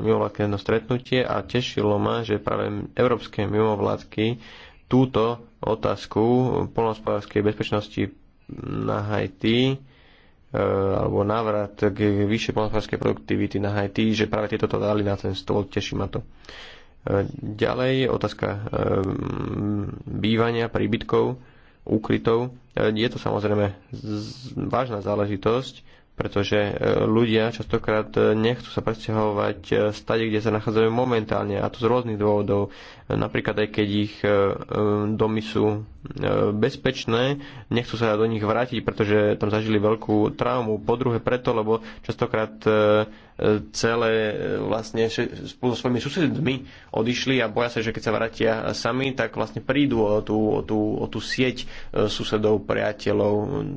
S1: mimovládky na stretnutie a tešilo ma, že práve európske mimovládky túto otázku polnospodárskej bezpečnosti na Haiti e, alebo návrat k vyššej polnospodárskej produktivity na Haiti, že práve tieto to dali na ten stôl, teší ma to. E, ďalej otázka e, bývania, príbytkov, úkrytov. Je to samozrejme vážna záležitosť pretože e, ľudia častokrát e, nechcú sa presťahovať e, stade, kde sa nachádzajú momentálne, a to z rôznych dôvodov. Napríklad aj keď ich domy sú bezpečné, nechcú sa do nich vrátiť, pretože tam zažili veľkú traumu. Po druhé preto, lebo častokrát celé vlastne spolu so svojimi susedmi odišli a boja sa, že keď sa vrátia sami, tak vlastne prídu o tú, o tú, o tú sieť susedov, priateľov.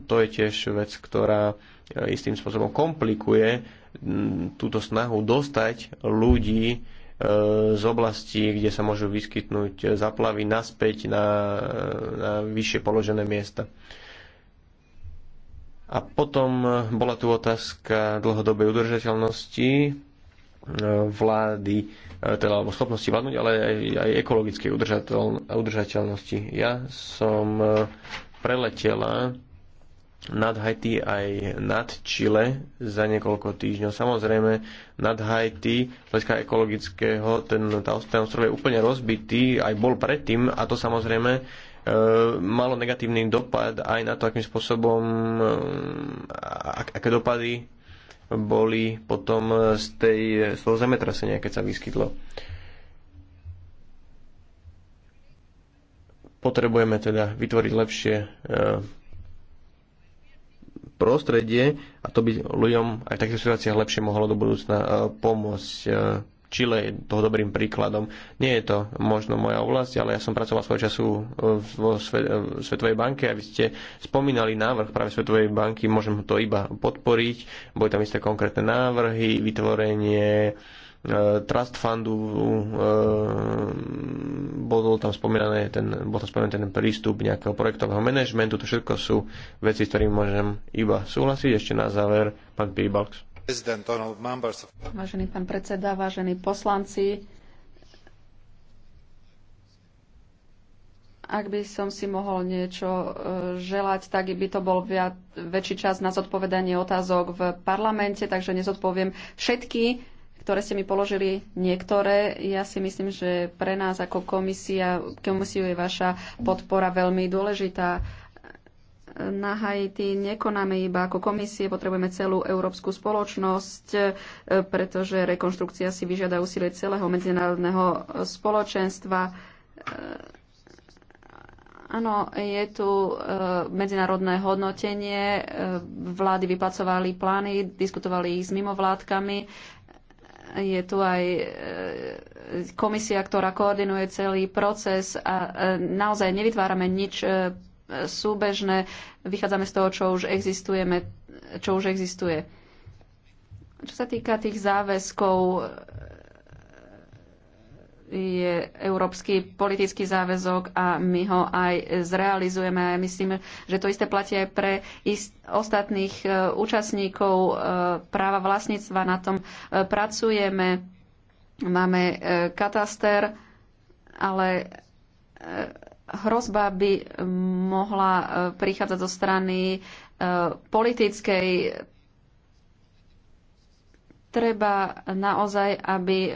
S1: To je tiež vec, ktorá E, istým spôsobom komplikuje túto snahu dostať ľudí e, z oblasti, kde sa môžu vyskytnúť zaplavy naspäť na, na vyššie položené miesta. A potom bola tu otázka dlhodobej udržateľnosti e, vlády, teda alebo schopnosti vládnuť, ale aj, aj ekologickej udržateľnosti. Ja som preletela nad Haiti aj nad Chile za niekoľko týždňov. Samozrejme, nad Haiti, z hľadiska ekologického, ten, ten ostrov je úplne rozbitý, aj bol predtým a to samozrejme e, malo negatívny dopad aj na to, akým spôsobom, e, ak, aké dopady boli potom z, tej, z toho zemetrasenia, keď sa vyskytlo. Potrebujeme teda vytvoriť lepšie e, prostredie a to by ľuďom aj v takých situáciách lepšie mohlo do budúcna e, pomôcť. Čile e, je toho dobrým príkladom. Nie je to možno moja oblasť, ale ja som pracoval svojho času e, vo Svetovej banke a vy ste spomínali návrh práve Svetovej banky, môžem to iba podporiť. Boli tam isté konkrétne návrhy, vytvorenie E, trust fundu, e, bol tam spomínaný ten, bol tam spomínaný ten prístup nejakého projektového manažmentu, to všetko sú veci, s ktorými môžem iba súhlasiť. Ešte na záver, pán Pibalks.
S3: Vážený pán predseda, vážení poslanci, ak by som si mohol niečo e, želať, tak by to bol viac, väčší čas na zodpovedanie otázok v parlamente, takže nezodpoviem všetky ktoré ste mi položili niektoré. Ja si myslím, že pre nás ako komisia, komisiu je vaša podpora veľmi dôležitá. Na Haiti nekonáme iba ako komisie, potrebujeme celú európsku spoločnosť, e, pretože rekonštrukcia si vyžiada úsilie celého medzinárodného spoločenstva. E, áno, je tu e, medzinárodné hodnotenie, vlády vypracovali plány, diskutovali ich s mimovládkami, je tu aj e, komisia, ktorá koordinuje celý proces a e, naozaj nevytvárame nič e, súbežné, vychádzame z toho, čo už, existujeme, čo už existuje. Čo sa týka tých záväzkov, je európsky politický záväzok a my ho aj zrealizujeme. A myslím, že to isté platí aj pre ostatných e, účastníkov e, práva vlastníctva. Na tom e, pracujeme. Máme kataster, ale hrozba by mohla prichádzať zo strany politickej. Treba naozaj, aby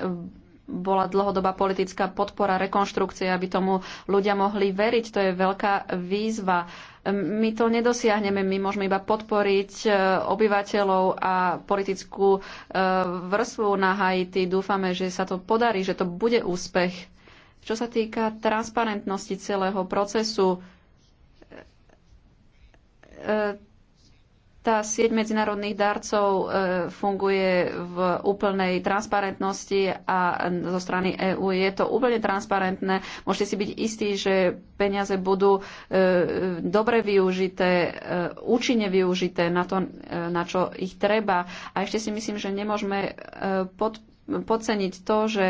S3: bola dlhodobá politická podpora rekonštrukcie, aby tomu ľudia mohli veriť. To je veľká výzva. My to nedosiahneme, my môžeme iba podporiť e, obyvateľov a politickú e, vrstvu na Haiti. Dúfame, že sa to podarí, že to bude úspech. Čo sa týka transparentnosti celého procesu, e, tá sieť medzinárodných darcov e, funguje v úplnej transparentnosti a zo strany EÚ je to úplne transparentné. Môžete si byť istí, že peniaze budú e, dobre využité, e, účinne využité na to, na čo ich treba. A ešte si myslím, že nemôžeme pod podceniť to, že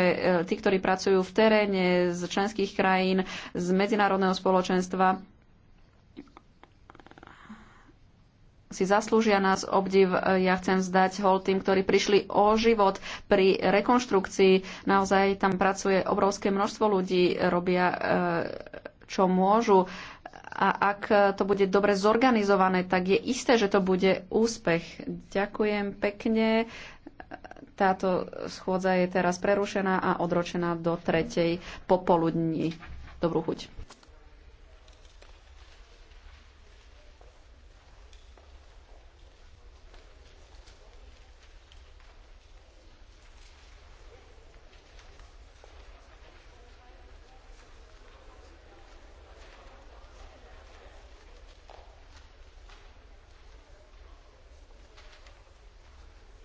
S3: tí, ktorí pracujú v teréne z členských krajín, z medzinárodného spoločenstva, si zaslúžia nás obdiv. Ja chcem zdať hol tým, ktorí prišli o život pri rekonštrukcii. Naozaj tam pracuje obrovské množstvo ľudí, robia eh, čo môžu. A ak to bude dobre zorganizované, tak je isté, že to bude úspech. Ďakujem pekne. Táto schôdza je teraz prerušená a odročená do tretej popoludní. Dobrú chuť.